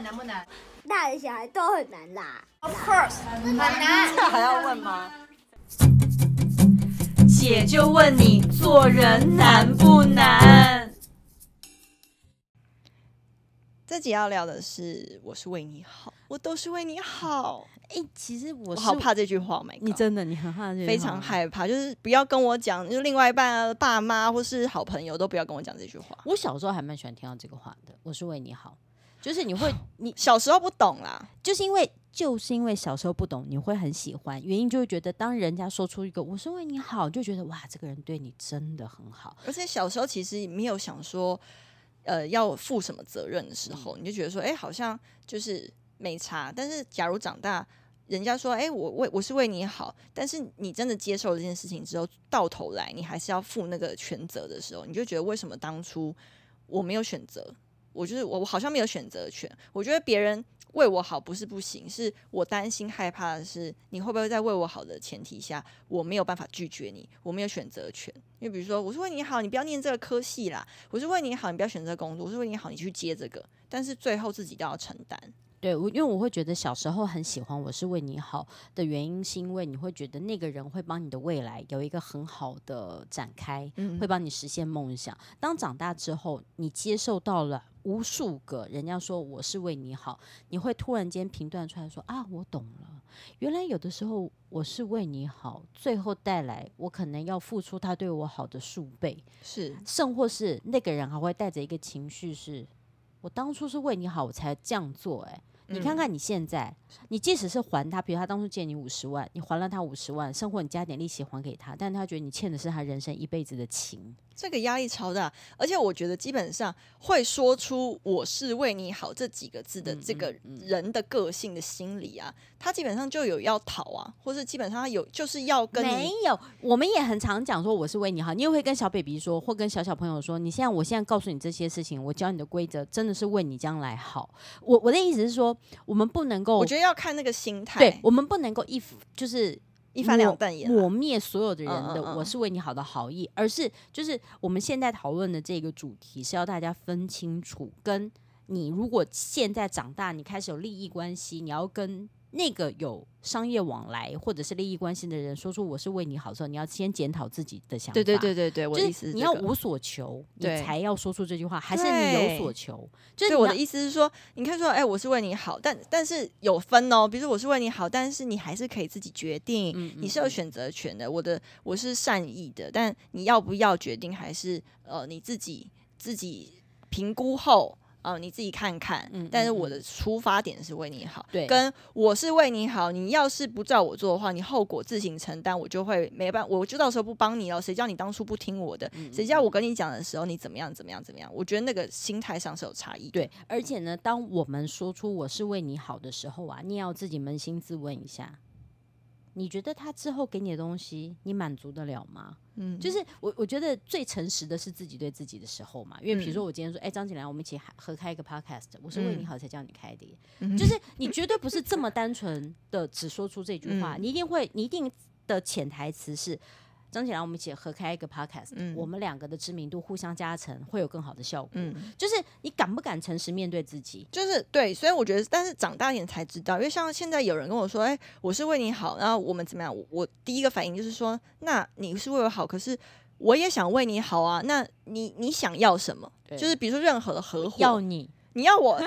難不難？大人小孩都很難啦。Of、oh, Per course，很難。這 還要問嗎？姐就問你做人難不難？這一集要聊的是，我是為你好，我都是為你好。哎、欸，其實我，我好怕這句話，沒？你真的，你很怕這句話？非常害怕，就是不要跟我講，就是、另外一半爸媽或是好朋友都不要跟我講這句話。我小時候還蠻喜歡聽到這個話的，我是為你好。就是你會，你小時候不懂啦，就是因為就是因為小時候不懂，你會很喜歡，原因就會覺得，當人家說出一個“我是為你好”，就覺得哇，這個人對你真的很好。而且小時候其實沒有想說，呃，要負什麼責任的時候，嗯、你就覺得說，哎、欸，好像就是沒差。但是假如長大，人家說，哎、欸，我為我是為你好，但是你真的接受這件事情之後，到頭來你還是要負那個全責的時候，你就覺得為什麼當初我沒有選擇？我就是我，我好像沒有選擇權。我覺得別人為我好不是不行，是我擔心害怕的是，你會不會在為我好的前提下，我沒有辦法拒絕你，我沒有選擇權。因為比如說，我是為你好，你不要念這個科系啦；我是為你好，你不要選擇工作；我是為你好，你去接這個，但是最後自己都要承擔。對，因為我會覺得小時候很喜歡我是為你好的原因，是因為你會覺得那個人會幫你的未來有一個很好的展開，嗯嗯會幫你實現夢想。當長大之後，你接受到了無數個人家說我是為你好，你會突然間評斷出來說啊，我懂了，原來有的時候我是為你好，最後帶來我可能要付出他對我好的數倍，是，甚或是那個人還會帶着一個情緒是，我當初是為你好，我才這樣做，哎。你看看你現在，你即使是還他，比如他當初借你五十萬，你還了他五十萬，生活你加點利息還給他，但他覺得你欠的是他人生一輩子的情，這個壓力超大。而且我覺得基本上會說出“我是為你好”這幾個字的這個人的個性的心理啊，嗯嗯嗯、，他基本上就有要討啊，或者基本上他有就是要跟你。沒有，我們也很常講說我是為你好，你也會跟小 baby 說，或跟小小朋友說，你現在我現在告訴你這些事情，我教你的規則真的是為你將來好。我我的意思是說。我們不能夠，我覺得要看那個心態，對，我們不能夠一夫就是一帆兩旦抹滅所有的人的，嗯、我是為你好的好意，嗯、而是就是我們現在討論的這個主題是要大家分清楚，跟你如果現在長大，你開始有利益關係，你要跟，那個有商業往來或者是利益關係的人說出我是為你好之後，你要先檢討自己的想法。對對對對對，就是你要無所求，對你才要說出這句話。還是你有所求？對就是對我的意思是說，你看說，哎，我是為你好，但但是有分哦。比如說我是為你好，但是你還是可以自己決定，嗯嗯嗯你是有選擇權的。我的我是善意的，但你要不要決定，還是呃你自己自己評估後。哦，你自己看看。嗯，但是我的出發點是為你好。對、嗯，嗯嗯、跟我是為你好。你要是不照我做的話，你後果自行承擔。我就會沒辦法，我就到時候不幫你了。誰叫你當初不聽我的？誰、嗯、叫我跟你講的時候你怎麼樣？怎麼樣？怎麼樣？我覺得那個心態上是有差異的。對，而且呢，當我們說出我是為你好的時候啊，你也要自己捫心自問一下。你覺得他之後給你的東西，你滿足得了嗎？嗯，就是我我覺得最誠實的是自己對自己的時候嘛，因為比如說我今天說，哎、嗯，欸、張景良，我們一起合、合開一個 podcast，我是為你好才叫你開的，嗯、就是你絕對不是這麼單純的只說出這句話，嗯、你一定會，你一定的潛台詞是，張姐，讓我們一起合開一個 podcast，、嗯、我們兩個的知名度互相加成，會有更好的效果。嗯、就是你敢不敢誠實面對自己？就是對，所以我覺得，但是長大一點才知道，因為像現在有人跟我說，哎，我是為你好，然後我們怎麼樣？我，我第一個反應就是說，那你是為我好，可是我也想為你好啊。那你你想要什麼？對就是比如說，任何的合夥要你。你要我 要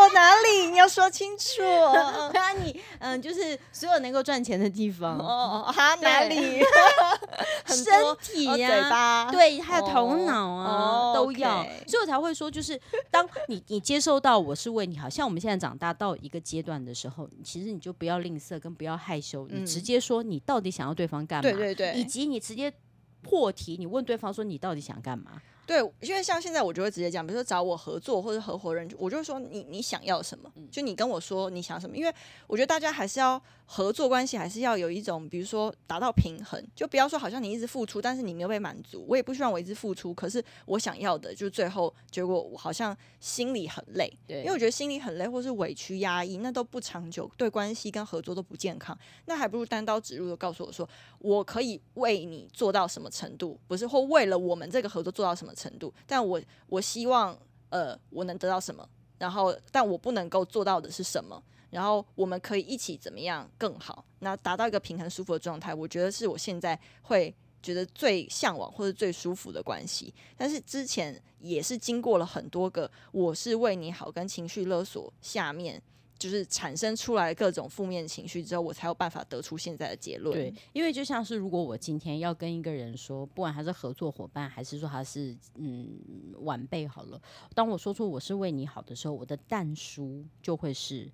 我哪裡？你要說清楚，啊。那 你，嗯，就是所有能夠賺錢的地方哦。啊，對哪裡？ 身體呀，啊， 哦、對，還有頭腦啊，哦、都要。哦 okay，所以我才會說，就是當你你接受到我是為你好，像我們現在長大 到一個階段的時候，其實你就不要吝嗇，跟不要害羞，嗯、你直接說你到底想要對方幹嘛？對對對，以及你直接破題，你問對方說你到底想幹嘛？對，因為像現在我就會直接講，比如說找我合作或者合夥人，我就是說，你你想要什麼，就你跟我說你想什麼。嗯。因為我覺得大家還是要合作關係，還是要有一種比如說達到平衡，就不要說好像你一直付出，但是你沒有被滿足。我也不希望我一直付出，可是我想要的，就是最後結果我好像心裡很累。對，因為我覺得心裡很累，或是委屈壓抑，那都不長久，對關係跟合作都不健康。那還不如單刀直入的告訴我說，我可以為你做到什麼程度，不是或為了我們這個合作做到什麼程度。程度，但我我希望，呃，我能得到什麼？然後，但我不能夠做到的是什麼？然後，我們可以一起怎麼樣更好？那達到一個平衡舒服的狀態，我覺得是我現在會覺得最嚮往或者最舒服的關係。但是之前也是經過了很多個，我是為你好跟情緒勒索下面，就是產生出來各種負面情緒之後，我才有辦法得出現在的結論。對，因為就像是如果我今天要跟一個人說，不管他是合作夥伴，還是說他是嗯晚輩好了，當我說出我是為你好的時候，我的但書就會是：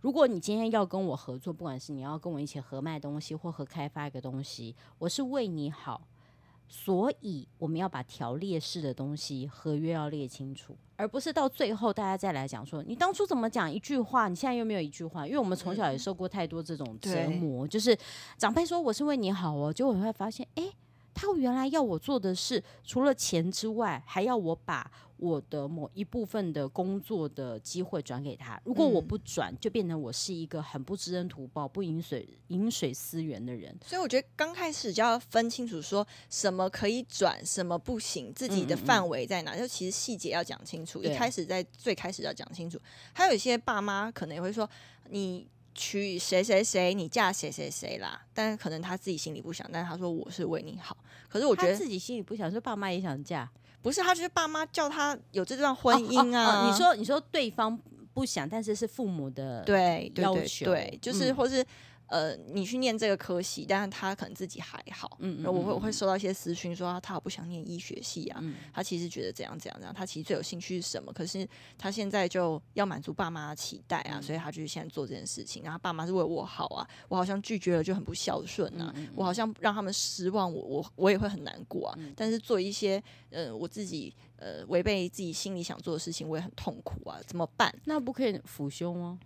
如果你今天要跟我合作，不管是你要跟我一起合賣東西或合開發一個東西，我是為你好。所以我們要把條列式的東西合約要列清楚，而不是到最後大家再來講說你當初怎麼講一句話，你現在又沒有一句話。因為我們從小也受過太多這種折磨，對就是長輩說我是為你好哦，結果你會發現，誒，他原來要我做的事，除了錢之外，還要我把。我的某一部分的工作的機會轉給他，如果我不轉，就變成我是一個很不知恩圖報、不飲水飲水思源的人。所以我覺得剛開始就要分清楚，說什麼可以轉，什麼不行，自己的範圍在哪。嗯嗯，就其實細節要講清楚，對一開始在最開始要講清楚。還有一些爸媽可能也會說：“你娶誰誰誰，你嫁誰誰誰啦。”但可能他自己心裡不想，但他說：“我是為你好。”可是我覺得他自己心裡不想，說爸媽也想嫁。不是，他就是爸媽叫他有這段婚姻啊！哦哦哦、你說，你說對方不想，但是是父母的對要求，對，對對對就是、嗯、或是。呃，你去念這個科系，但是他可能自己還好。嗯，嗯我會我會收到一些私訊說他，他不想念醫學系啊。嗯、他其實覺得怎樣怎樣怎樣，他其實最有興趣是什麼？可是他現在就要滿足爸媽的期待啊，嗯、所以他就是現在做這件事情。然後他爸媽是為我好啊，我好像拒絕了就很不孝順啊。嗯嗯、我好像讓他們失望我，我我我也會很難過啊。嗯、但是做一些呃我自己呃違背自己心裡想做的事情，我也很痛苦啊。怎麼辦？那不可以輔修嗎？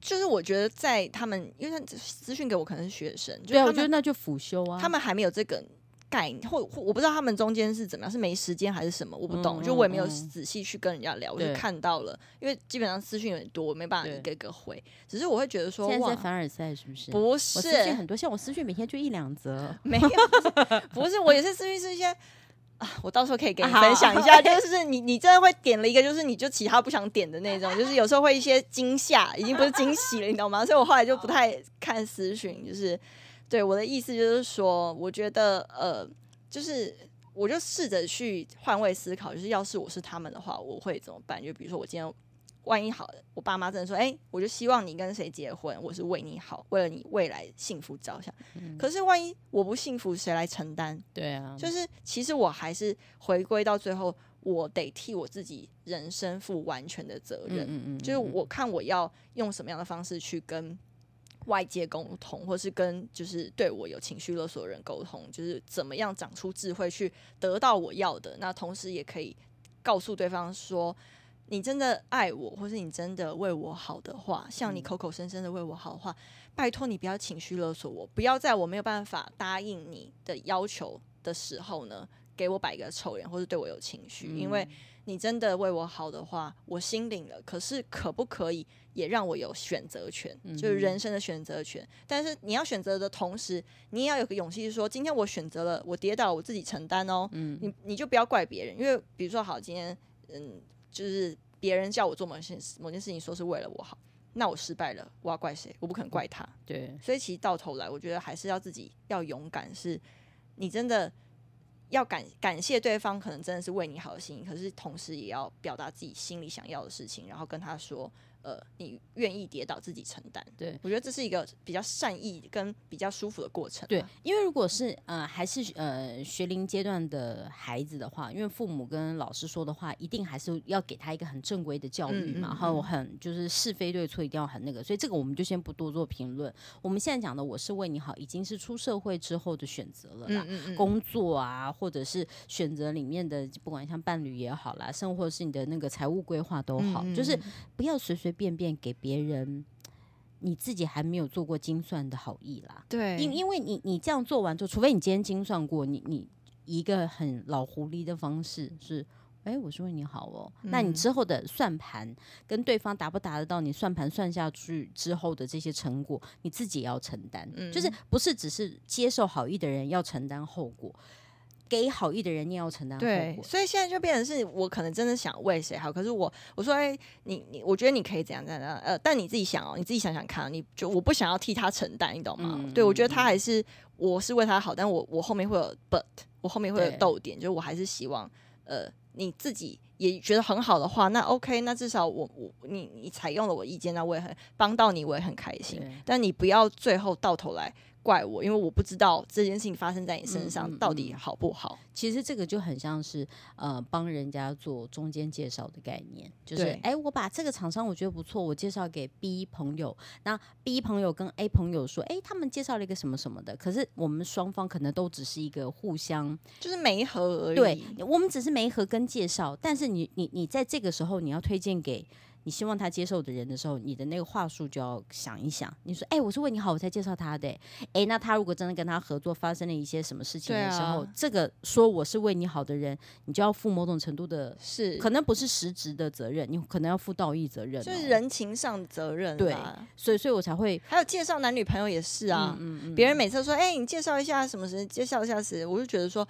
就是我覺得在他們，因為他私訊給我可能是學生，對、啊，就他我覺得那就輔修啊，他們還沒有這個概念，或、或我不知道他們中間是怎麼樣，是沒時間還是什麼，我不懂，嗯嗯嗯就我也沒有仔細去跟人家聊，對我就看到了，因為基本上私訊有點多，我沒辦法一個一個回，對只是我會覺得說現在，是在凡爾賽是不是？不是，私訊很多，像我私訊每天就一兩則，沒有，不是我也是私訊是一些。啊，我到時候可以給你分享一下，好就是你你真的會點了一個，就是你就其他不想點的那種， 就是有時候會一些驚嚇，已經不是驚喜了，你知道嗎？所以我後來就不太看私信好就是對我的意思就是說，我覺得呃，就是我就試着去換位思考，就是要是我是他們的話，我會怎麼辦？就比如說我今天。萬一好了，我爸媽真的說，哎、欸，我就希望你跟誰結婚，我是為你好，為了你未來幸福着想。嗯、可是萬一我不幸福，誰來承擔？對啊，就是其實我還是回歸到最後，我得替我自己人生負完全的責任。嗯嗯，嗯嗯，就是我看我要用什麼樣的方式去跟外界溝通，或是跟就是對我有情緒勒索的人溝通，就是怎麼樣長出智慧去得到我要的，那同時也可以告訴對方說。你真的愛我，或是你真的為我好的話，像你口口聲聲的為我好的話，嗯、拜託你不要情緒勒索我，不要在我沒有辦法答應你的要求的時候呢，給我擺個臭臉，或是對我有情緒。嗯、因為你真的為我好的話，我心領了。可是可不可以也讓我有選擇權，嗯、哼就是人生的選擇權？但是你要選擇的同時，你也要有個勇氣，說今天我選擇了，我跌倒我自己承擔哦。嗯、你你就不要怪別人，因為比如說好，今天嗯。就是別人叫我做某件事，某件事情說是為了我好，那我失敗了，我要怪誰？我不肯怪他。嗯、對，所以其實到頭來，我覺得還是要自己要勇敢是。是你真的要感感謝對方，可能真的是為你好心，可是同時也要表達自己心裡想要的事情，然後跟他說。呃，你願意跌倒自己承擔，對，我覺得這是一個比較善意跟比較舒服的過程啊。對，因為如果是呃還是呃學齡階段的孩子的話，因為父母跟老師說的話，一定還是要給他一個很正規的教育嘛，嗯嗯嗯，然後很就是是非對錯一定要很那個，所以這個我們就先不多做評論。我們現在講的我是為你好，已經是出社會之後的選擇了啦，嗯嗯嗯，工作啊，或者是選擇裡面的不管像伴侶也好啦，甚或是你的那個財務規劃都好，嗯嗯，就是不要隨隨。便便給別人，你自己還沒有做過精算的好意啦。對，因因為你你這樣做完之後，除非你今天精算過，你你一個很老狐狸的方式是，哎是，我是為你好哦。嗯、那你之後的算盤跟對方達不達得到，你算盤算下去之後的這些成果，你自己要承擔。嗯，就是不是只是接受好意的人要承擔後果。給好意的人，你要承擔後果。對，所以現在就變成是我可能真的想為誰好，可是我我說誒、欸，你你，我覺得你可以怎樣怎樣怎樣呃，但你自己想哦、喔，你自己想想看、喔，你就我不想要替他承擔，你懂嗎？嗯、對，我覺得他還是嗯嗯我是為他好，但我我後面會有 but，我後面會有逗點，對就是我還是希望呃，你自己也覺得很好的話，那 OK，那至少我我你你採用了我的意見，那我也很幫到你，我也很開心。對但你不要最後到頭來，怪我，因為我不知道這件事情發生在你身上到底好不好。嗯嗯嗯、其實這個就很像是呃，幫人家做中間介紹的概念，就是哎對、欸，我把這個廠商我覺得不錯，我介紹給 B 朋友，那 B 朋友跟 A 朋友說，哎、欸，他們介紹了一個什麼什麼的。可是我們雙方可能都只是一個互相就是媒合而已，對，我們只是媒合跟介紹。但是你你你在這個時候你要推薦給。你希望他接受的人的時候，你的那個話術就要想一想。你說，哎、欸，我是為你好，我才介紹他的、欸。哎、欸，那他如果真的跟他合作，發生了一些什麼事情的時候，啊、這個說我是為你好的人，你就要負某種程度的，是可能不是實質的責任，你可能要負道義責任、哦，就是人情上的責任。對，所以，所以我才會還有介紹男女朋友也是啊。別、嗯嗯嗯、人每次都說，哎、欸，你介紹一下什麼什麼，介紹一下誰，我就覺得說。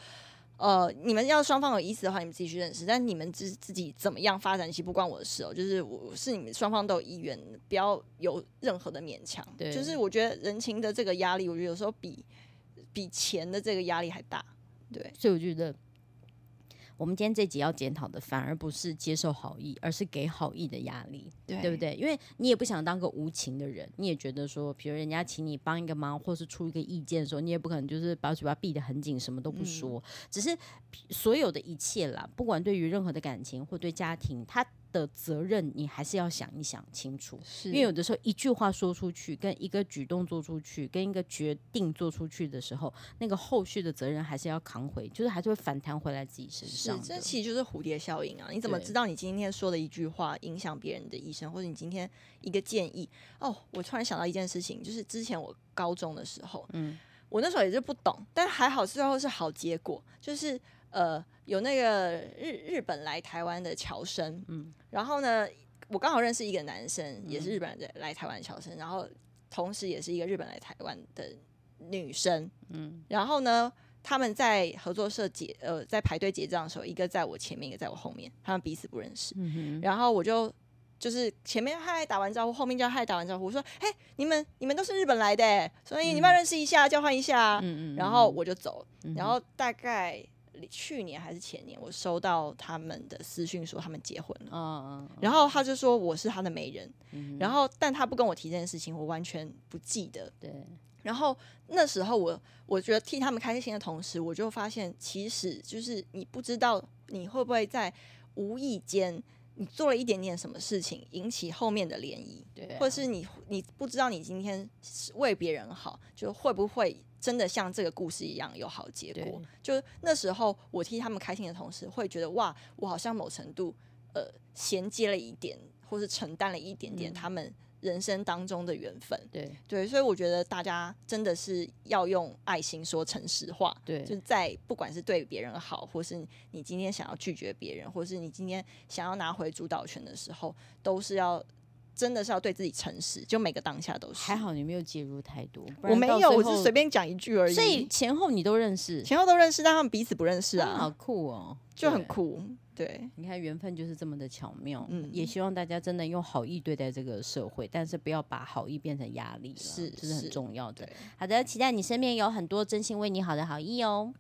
呃，你們要雙方有意思的話，你們自己去認識。但你們自自己怎麼樣發展，其實不關我的事哦。就是我是你們雙方都有意願，不要有任何的勉強。對，就是我覺得人情的這個壓力，我覺得有時候比比錢的這個壓力還大。對，所以我覺得。我們今天這集要檢討的，反而不是接受好意，而是給好意的壓力，對，對不對？因為你也不想當個無情的人，你也覺得說，比如人家請你幫一個忙，或是出一個意見的時候，你也不可能就是把嘴巴閉得很緊，什麼都不說。嗯。只是所有的一切啦，不管對於任何的感情或對家庭，他。的責任，你還是要想一想清楚，是因為有的時候一句話說出去，跟一個舉動做出去，跟一個決定做出去的時候，那個後續的責任還是要扛回，就是還是會反彈回來自己身上的。這其實就是蝴蝶效應啊！你怎麼知道你今天說的一句話影響別人的一生，對或者你今天一個建議？哦，我突然想到一件事情，就是之前我高中的時候，嗯，我那時候也是不懂，但還好最後是好結果，就是。呃，有那個日日本來台灣的僑生，嗯、然後呢，我剛好認識一個男生，也是日本的來台灣僑生，嗯、然後同時也是一個日本來台灣的女生，嗯、然後呢，他們在合作社結，呃，在排隊結賬的時候，一個在我前面，一個在我後面，他們彼此不認識，嗯、哼然後我就就是前面嗨打完招呼，後面就嗨打完招呼，我說，嘿，你們你們都是日本來的、欸，所以你們要認識一下，嗯、交換一下，嗯嗯嗯嗯然後我就走了，然後大概。嗯去年還是前年，我收到他們的私訊說他們結婚了，嗯嗯、哦，哦哦、然後他就說我是他的媒人，嗯、哼然後但他不跟我提這件事情，我完全不記得，對。然後那時候我我覺得替他們開心的同時，我就發現其實就是你不知道你會不會在無意間。你做了一點點什麼事情，引起後面的漣漪，對啊、或是你你不知道你今天是為別人好，就會不會真的像這個故事一樣有好結果？對就那時候，我替他們開心的同時，會覺得哇，我好像某程度呃銜接了一點，或是承擔了一點點他們。人生當中的緣分，對對，所以我覺得大家真的是要用愛心說誠實話，對，就在不管是對別人好，或是你今天想要拒絕別人，或是你今天想要拿回主導權的時候，都是要。真的是要對自己誠實，就每個當下都是。還好你沒有介入太多，我沒有，我是隨便講一句而已。所以前後你都認識，前後都認識，但他們彼此不認識啊。好酷哦，就很酷。對，對，你看緣分就是這麼的巧妙。嗯，也希望大家真的用好意對待這個社會，但是不要把好意變成壓力了，是，這是很重要的。好的，期待你身邊有很多真心為你好的好意哦。